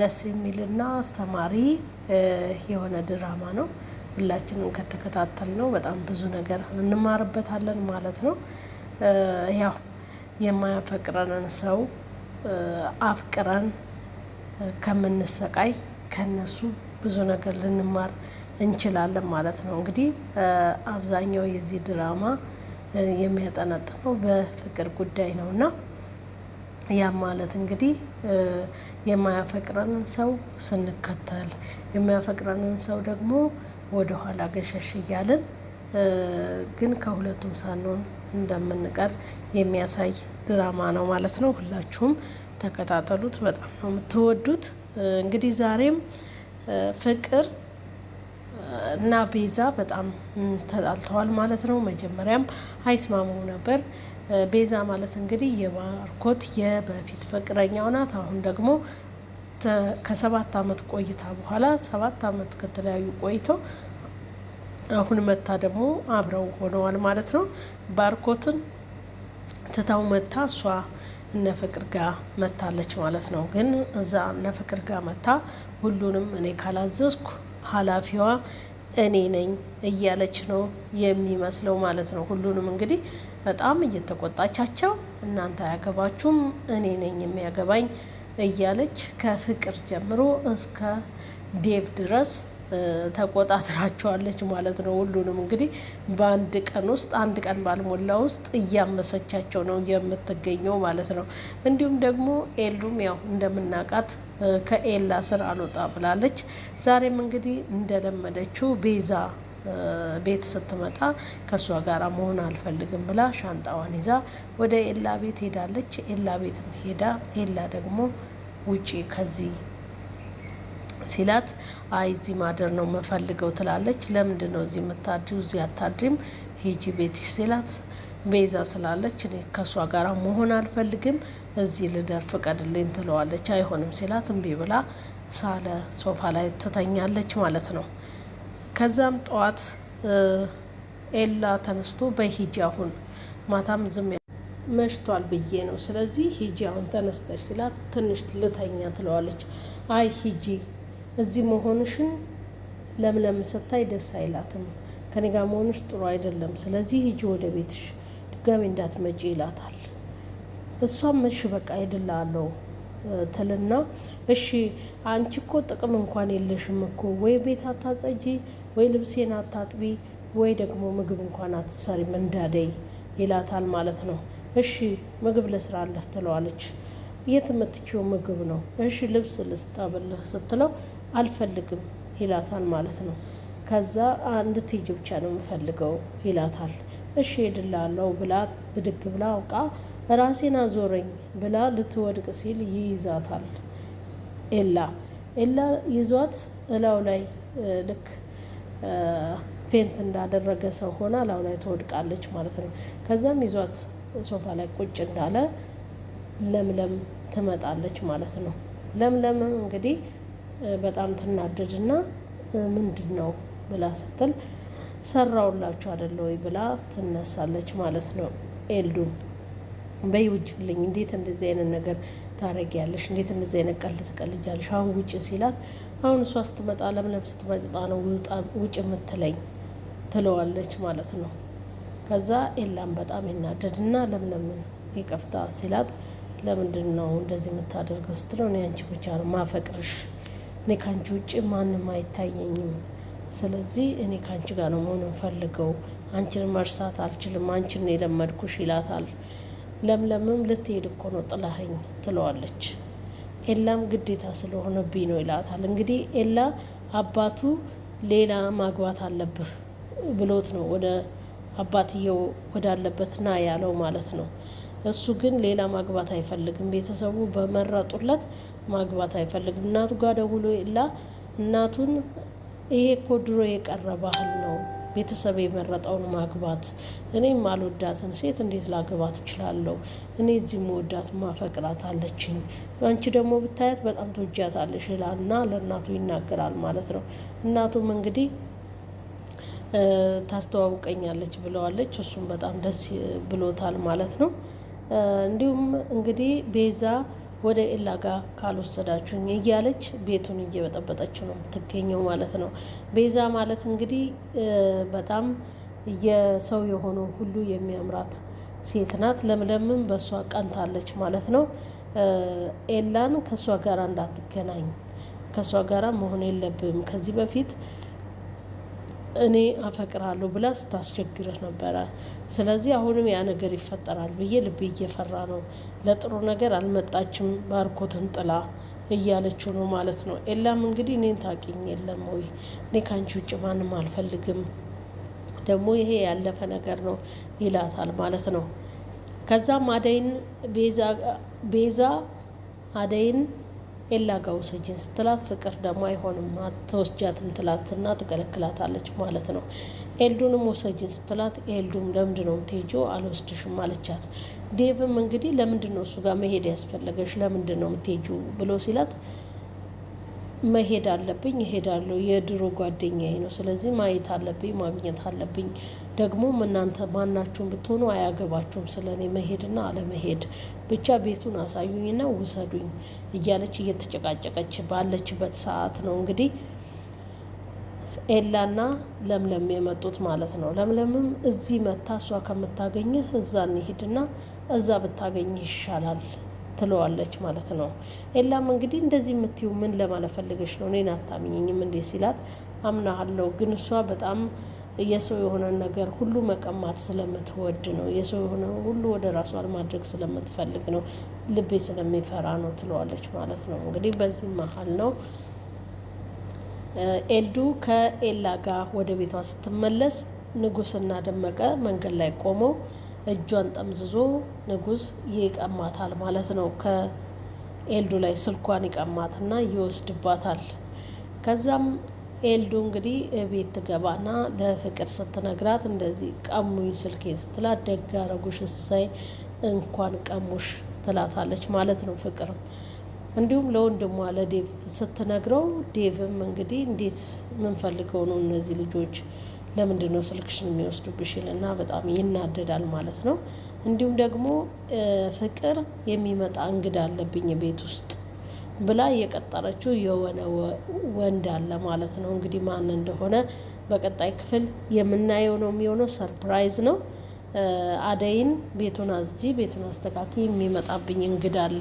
ደስ የሚልና አስተማሪ የሆነ ድራማ ነው። ሁላችንም ከተከታተል ነው በጣም ብዙ ነገር እንማርበታለን ማለት ነው። ያው የማያፈቅረንን ሰው አፍቅረን ከምንሰቃይ ከነሱ ብዙ ነገር ልንማር እንችላለን ማለት ነው። እንግዲህ አብዛኛው የዚህ ድራማ የሚያጠነጥነው በፍቅር ጉዳይ ነው እና ያም ማለት እንግዲህ የማያፈቅረንን ሰው ስንከተል የማያፈቅረንን ሰው ደግሞ ወደ ኋላ ገሸሽ እያልን ግን ከሁለቱም ሳንሆን እንደምንቀር የሚያሳይ ድራማ ነው ማለት ነው። ሁላችሁም ተከታተሉት፣ በጣም ነው የምትወዱት። እንግዲህ ዛሬም ፍቅር እና ቤዛ በጣም ተጣልተዋል ማለት ነው። መጀመሪያም አይስማሙ ነበር ቤዛ ማለት እንግዲህ የባርኮት የበፊት ፍቅረኛው ናት። አሁን ደግሞ ከሰባት ዓመት ቆይታ በኋላ ሰባት ዓመት ከተለያዩ ቆይተው አሁን መታ ደግሞ አብረው ሆነዋል ማለት ነው። ባርኮትን ትታው መታ እሷ እነ ፍቅር ጋር መታለች ማለት ነው። ግን እዛ እነ ፍቅር ጋር መታ ሁሉንም እኔ ካላዘዝኩ ኃላፊዋ እኔ ነኝ እያለች ነው የሚመስለው ማለት ነው። ሁሉንም እንግዲህ በጣም እየተቆጣቻቸው እናንተ አያገባችሁም እኔ ነኝ የሚያገባኝ እያለች ከፍቅር ጀምሮ እስከ ዴቭ ድረስ ተቆጣጥራቸዋለች ማለት ነው። ሁሉንም እንግዲህ በአንድ ቀን ውስጥ አንድ ቀን ባልሞላ ውስጥ እያመሰቻቸው ነው የምትገኘው ማለት ነው። እንዲሁም ደግሞ ኤሉም ያው እንደምናውቃት ከኤላ ስር አልወጣ ብላለች። ዛሬም እንግዲህ እንደለመደችው ቤዛ ቤት ስትመጣ ከእሷ ጋር መሆን አልፈልግም ብላ ሻንጣዋን ይዛ ወደ ኤላ ቤት ሄዳለች። ኤላ ቤት ሄዳ ኤላ ደግሞ ውጪ ከዚህ ሲላት አይ እዚህ ማደር ነው መፈልገው ትላለች። ለምንድን ነው እዚህ የምታድሪው? እዚህ አታድሪም፣ ሂጂ ቤትሽ ሲላት ቤዛ ስላለች እኔ ከእሷ ጋር መሆን አልፈልግም እዚህ ልደር ፍቀድልኝ ትለዋለች። አይሆንም ሲላት እምቢ ብላ ሳለ ሶፋ ላይ ትተኛለች ማለት ነው። ከዛም ጠዋት ኤላ ተነስቶ በሂጂ አሁን ማታም ዝም መሽቷል ብዬ ነው፣ ስለዚህ ሂጂ አሁን ተነስተች ስላት ትንሽ ልተኛ ትለዋለች። አይ ሂጂ እዚህ መሆንሽን ለምለም ስታይ ደስ አይላትም፣ ከኔ ጋር መሆንሽ ጥሩ አይደለም፣ ስለዚህ ሂጂ ወደ ቤትሽ ድጋሚ እንዳትመጪ ይላታል። እሷም እሺ በቃ አለው። ትልና እሺ አንቺ እኮ ጥቅም እንኳን የለሽም እኮ ወይ ቤት አታጸጂ፣ ወይ ልብሴን አታጥቢ፣ ወይ ደግሞ ምግብ እንኳን አትሰሪም እንዳደይ ይላታል ማለት ነው። እሺ ምግብ ልስራለህ ትለዋለች። የት የምትችው ምግብ ነው? እሺ ልብስ ልስጣብልህ ስትለው አልፈልግም ይላታል ማለት ነው። ከዛ እንድትሄጂ ብቻ ነው የምፈልገው ይላታል። እሺ ሄድላለው ብላ ብድግ ብላ አውቃ ራሴን አዞረኝ ብላ ልትወድቅ ሲል ይይዛታል ኤላ። ኤላ ይዟት እላው ላይ ልክ ፔንት እንዳደረገ ሰው ሆና እላው ላይ ትወድቃለች ማለት ነው። ከዛም ይዟት ሶፋ ላይ ቁጭ እንዳለ ለምለም ትመጣለች ማለት ነው። ለምለም እንግዲህ በጣም ትናደድና ምንድን ነው ብላ ስትል ሰራውላችሁ አይደለ ወይ ብላ ትነሳለች ማለት ነው። ኤልዱ በይ ውጭልኝ፣ እንዴት እንደዚህ አይነት ነገር ታረጊያለሽ? እንዴት እንደዚህ አይነት ቀልድ ትቀልጃለሽ? አሁን ውጭ ሲላት፣ አሁን እሷ ስትመጣ ለምለም ስትመጣ ነው ውጭ የምትለኝ ትለዋለች ማለት ነው። ከዛ ኤላም በጣም ይናደድና ለምለምን ይቀፍታ ሲላት፣ ለምንድን ነው እንደዚህ የምታደርገው ስትለው፣ እኔ አንቺ ብቻ ነው ማፈቅርሽ፣ እኔ ከአንቺ ውጭ ማንም አይታየኝም ስለዚህ እኔ ከአንቺ ጋር ነው መሆን እንፈልገው አንቺን መርሳት አልችልም፣ አንቺን የለመድኩሽ ይላታል። ለምለምም ልትሄድ እኮ ነው ጥላኸኝ ትለዋለች። ኤላም ግዴታ ስለሆነብኝ ነው ይላታል። እንግዲህ ኤላ አባቱ ሌላ ማግባት አለብህ ብሎት ነው ወደ አባትየው ወዳለበት ና ያለው ማለት ነው። እሱ ግን ሌላ ማግባት አይፈልግም። ቤተሰቡ በመረጡለት ማግባት አይፈልግም። እናቱ ጋር ደውሎ ኤላ እናቱን ይሄ እኮ ድሮ የቀረ ባህል ነው። ቤተሰብ የመረጠውን ማግባት። እኔም አልወዳትን ሴት እንዴት ላገባት እችላለሁ? እኔ እዚህ መወዳት ማፈቅራት አለችኝ፣ አንቺ ደግሞ ብታያት በጣም ተወጃታለሽ ና ለእናቱ ይናገራል ማለት ነው። እናቱም እንግዲህ ታስተዋውቀኛለች ብለዋለች። እሱም በጣም ደስ ብሎታል ማለት ነው። እንዲሁም እንግዲህ ቤዛ ወደ ኤላ ጋር ካልወሰዳችሁኝ እያለች ቤቱን እየበጠበጠችው ነው የምትገኘው ማለት ነው። ቤዛ ማለት እንግዲህ በጣም የሰው የሆነው ሁሉ የሚያምራት ሴት ናት። ለምለምም በእሷ ቀንታለች ማለት ነው። ኤላን ከእሷ ጋር እንዳትገናኝ ከእሷ ጋር መሆን የለብም ከዚህ በፊት እኔ አፈቅራለሁ ብላ ስታስቸግርህ ነበረ። ስለዚህ አሁንም ያ ነገር ይፈጠራል ብዬ ልቤ እየፈራ ነው። ለጥሩ ነገር አልመጣችም ባርኮትን ጥላ እያለችው ነው ማለት ነው። ኤላም እንግዲህ እኔን ታውቂኝ የለም ወይ? እኔ ከአንቺ ውጭ ማንም አልፈልግም፣ ደግሞ ይሄ ያለፈ ነገር ነው ይላታል ማለት ነው። ከዛም አደይን ቤዛ አደይን ኤላ ጋ ውሰጂኝ ስትላት ፍቅር ደግሞ አይሆንም አትወስጃትም ትላትና ትከለክላታለች ማለት ነው። ኤልዱንም ውሰጂኝ ስትላት ኤልዱም ለምንድን ነው የምትሄጂው? አልወስድሽም አለቻት። ዴቭም እንግዲህ ለምንድን ነው እሱ ጋር መሄድ ያስፈለገሽ? ለምንድን ነው የምትሄጂው ብሎ ሲላት መሄድ አለብኝ እሄዳለሁ። የድሮ ጓደኛዬ ነው ስለዚህ ማየት አለብኝ ማግኘት አለብኝ። ደግሞም እናንተ ማናችሁም ብትሆኑ አያገባችሁም ስለኔ መሄድና አለመሄድ ብቻ ቤቱን አሳዩኝና ውሰዱኝ እያለች እየተጨቃጨቀች ባለችበት ሰዓት ነው እንግዲህ ኤላና ለምለም የመጡት ማለት ነው። ለምለምም እዚህ መታ እሷ ከምታገኝህ እዛ እንሂድና እዛ ብታገኝህ ይሻላል ትለዋለች ማለት ነው። ኤላም እንግዲህ እንደዚህ የምትይው ምን ለማለት ፈልገሽ ነው? እኔን አታምኝኝም እንዴ ሲላት አምናሃለሁ፣ ግን እሷ በጣም የሰው የሆነን ነገር ሁሉ መቀማት ስለምትወድ ነው። የሰው የሆነ ሁሉ ወደ ራሷ ማድረግ ስለምትፈልግ ነው። ልቤ ስለሚፈራ ነው ትለዋለች ማለት ነው። እንግዲህ በዚህ መሀል ነው ኤልዱ ከኤላ ጋር ወደ ቤቷ ስትመለስ ንጉስና ደመቀ መንገድ ላይ ቆመው እጇን ጠምዝዞ ንጉስ ይቀማታል ማለት ነው። ከኤልዱ ላይ ስልኳን ይቀማትና ይወስድባታል። ከዛም ኤልዱ እንግዲህ ቤት ትገባና ለፍቅር ስትነግራት እንደዚህ ቀሙኝ ስልኬን ስትላት ደጋ ረጉሽ እሰይ እንኳን ቀሙሽ ትላታለች ማለት ነው። ፍቅርም እንዲሁም ለወንድሟ ለዴቭ ስትነግረው ዴቭም እንግዲህ እንዴት ምንፈልገው ነው እነዚህ ልጆች ለምንድን ነው ስልክሽን የሚወስዱብሽ ይልና በጣም ይናደዳል ማለት ነው። እንዲሁም ደግሞ ፍቅር የሚመጣ እንግዳ አለብኝ ቤት ውስጥ ብላ የቀጠረችው የሆነ ወንድ አለ ማለት ነው። እንግዲህ ማን እንደሆነ በቀጣይ ክፍል የምናየው ነው የሚሆነው። ሰርፕራይዝ ነው። አደይን ቤቱን አዝጂ፣ ቤቱን አስተካኪ፣ የሚመጣብኝ እንግዳ አለ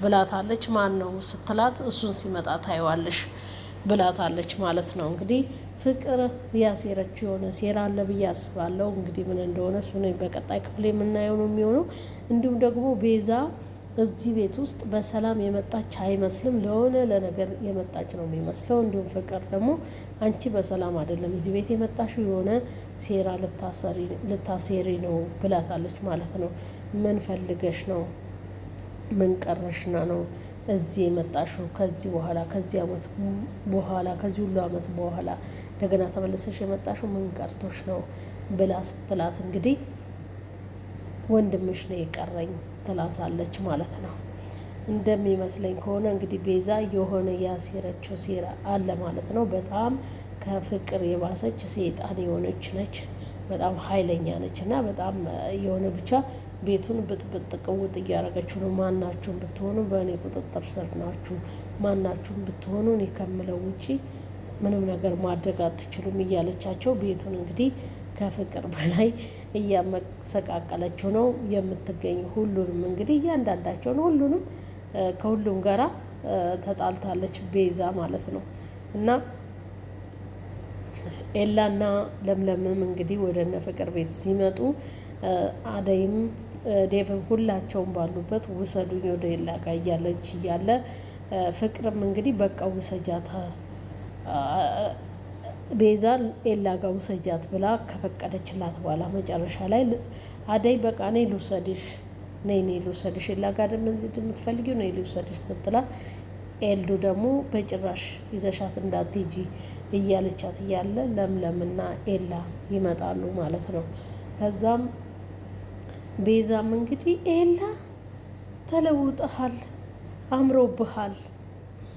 ብላታለች። ማን ነው ስትላት፣ እሱን ሲመጣ ታየዋለሽ ብላታለች ማለት ነው። እንግዲህ ፍቅር ያሴረች የሆነ ሴራ አለ ብዬ አስባለሁ። እንግዲህ ምን እንደሆነ እሱ በቀጣይ ክፍል የምናየው ነው የሚሆነው። እንዲሁም ደግሞ ቤዛ እዚህ ቤት ውስጥ በሰላም የመጣች አይመስልም። ለሆነ ለነገር የመጣች ነው የሚመስለው። እንዲሁም ፍቅር ደግሞ አንቺ በሰላም አይደለም እዚህ ቤት የመጣሽው የሆነ ሴራ ልታሴሪ ነው ብላታለች ማለት ነው። ምን ፈልገሽ ነው? ምን ቀረሽና ነው እዚህ የመጣሽው ከዚህ በኋላ ከዚህ ዓመት በኋላ ከዚህ ሁሉ ዓመት በኋላ እንደገና ተመለሰሽ የመጣሽው ምን ቀርቶሽ ነው ብላ ስትላት እንግዲህ ወንድምሽ ነው የቀረኝ ትላታለች ማለት ነው። እንደሚመስለኝ ከሆነ እንግዲህ ቤዛ የሆነ ያሴረችው ሴራ አለ ማለት ነው። በጣም ከፍቅር የባሰች ሴጣን የሆነች ነች። በጣም ኃይለኛ ነች እና በጣም የሆነ ብቻ ቤቱን ብትበጥቅውጥ እያደረገችው ነው። ማናችሁም ብትሆኑ በእኔ ቁጥጥር ስር ናችሁ። ማናችሁም ብትሆኑ እኔ ከምለው ውጪ ምንም ነገር ማድረግ አትችሉም እያለቻቸው ቤቱን እንግዲህ ከፍቅር በላይ እያመሰቃቀለችው ነው የምትገኝ። ሁሉንም እንግዲህ እያንዳንዳቸውን ሁሉንም ከሁሉም ጋራ ተጣልታለች ቤዛ ማለት ነው እና ኤላና ለምለምም እንግዲህ ወደ እነ ፍቅር ቤት ሲመጡ አደይም ዴቭን ሁላቸውም ባሉበት ውሰዱኝ ወደ ሌላ ጋ እያለች እያለ ፍቅርም እንግዲህ በቃ ውሰጃት ቤዛን ኤላ ጋ ውሰጃት ብላ ከፈቀደችላት በኋላ መጨረሻ ላይ አደይ በቃ እኔ ልውሰድሽ፣ ነይ እኔ ልውሰድሽ፣ ኤላ ጋ የምትፈልጊው ነይ ልውሰድሽ ስትላት ኤልዱ ደግሞ በጭራሽ ይዘሻት እንዳትሄጂ እያለቻት እያለ ለምለምና ኤላ ይመጣሉ ማለት ነው ከዛም ቤዛም እንግዲህ ኤላ ተለውጠሃል፣ አምሮብሃል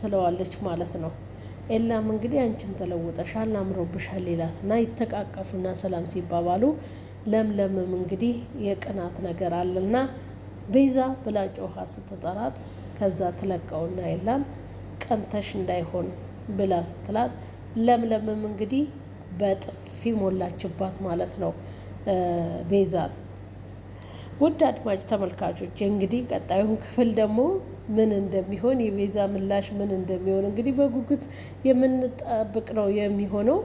ትለዋለች ማለት ነው። ኤላም እንግዲህ አንቺም ተለውጠሻል፣ አምሮብሻል ሌላት እና ይተቃቀፉና ሰላም ሲባባሉ ለምለምም እንግዲህ የቅናት ነገር አለና ቤዛ ብላ ጮኻ ስትጠራት ከዛ ትለቀውና ኤላን ቀንተሽ እንዳይሆን ብላ ስትላት ለምለምም እንግዲህ በጥፊ ሞላችባት ማለት ነው ቤዛን። ውድ አድማጭ ተመልካቾች እንግዲህ ቀጣዩን ክፍል ደግሞ ምን እንደሚሆን የቤዛ ምላሽ ምን እንደሚሆን እንግዲህ በጉጉት የምንጠብቅ ነው የሚሆነው።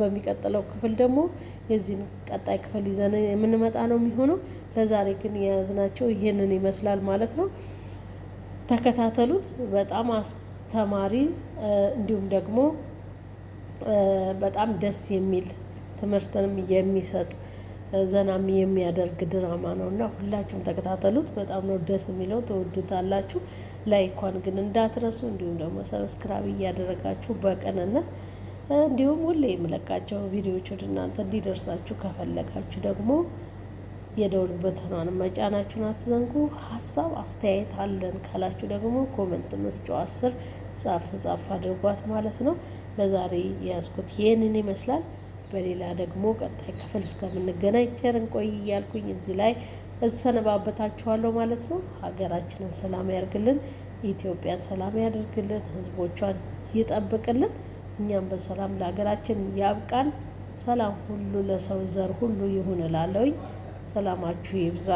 በሚቀጥለው ክፍል ደግሞ የዚህን ቀጣይ ክፍል ይዘን የምንመጣ ነው የሚሆነው። ለዛሬ ግን የያዝናቸው ይህንን ይመስላል ማለት ነው። ተከታተሉት። በጣም አስተማሪ እንዲሁም ደግሞ በጣም ደስ የሚል ትምህርትንም የሚሰጥ ዘናም የሚያደርግ ድራማ ነው እና ሁላችሁም ተከታተሉት። በጣም ነው ደስ የሚለው፣ ተወዱታላችሁ። ላይኳን ግን እንዳትረሱ፣ እንዲሁም ደግሞ ሰብስክራይብ እያደረጋችሁ በቀንነት እንዲሁም ሁሌ የምለቃቸው ቪዲዮዎች ወደ እናንተ እንዲደርሳችሁ ከፈለጋችሁ ደግሞ የደውል በተኗን መጫናችሁን አትዘንጉ። ሀሳብ አስተያየት አለን ካላችሁ ደግሞ ኮመንት መስጫው አስር ጻፍ ጻፍ አድርጓት ማለት ነው። ለዛሬ የያዝኩት ይህንን ይመስላል። በሌላ ደግሞ ቀጣይ ክፍል እስከምንገናኝ ቸር እንቆይ እያልኩኝ እዚህ ላይ እሰነባበታችኋለሁ ማለት ነው። ሀገራችንን ሰላም ያርግልን፣ ኢትዮጵያን ሰላም ያደርግልን፣ ህዝቦቿን ይጠብቅልን፣ እኛም በሰላም ለሀገራችን ያብቃን። ሰላም ሁሉ ለሰው ዘር ሁሉ ይሁን እላለሁኝ። ሰላማችሁ ይብዛ።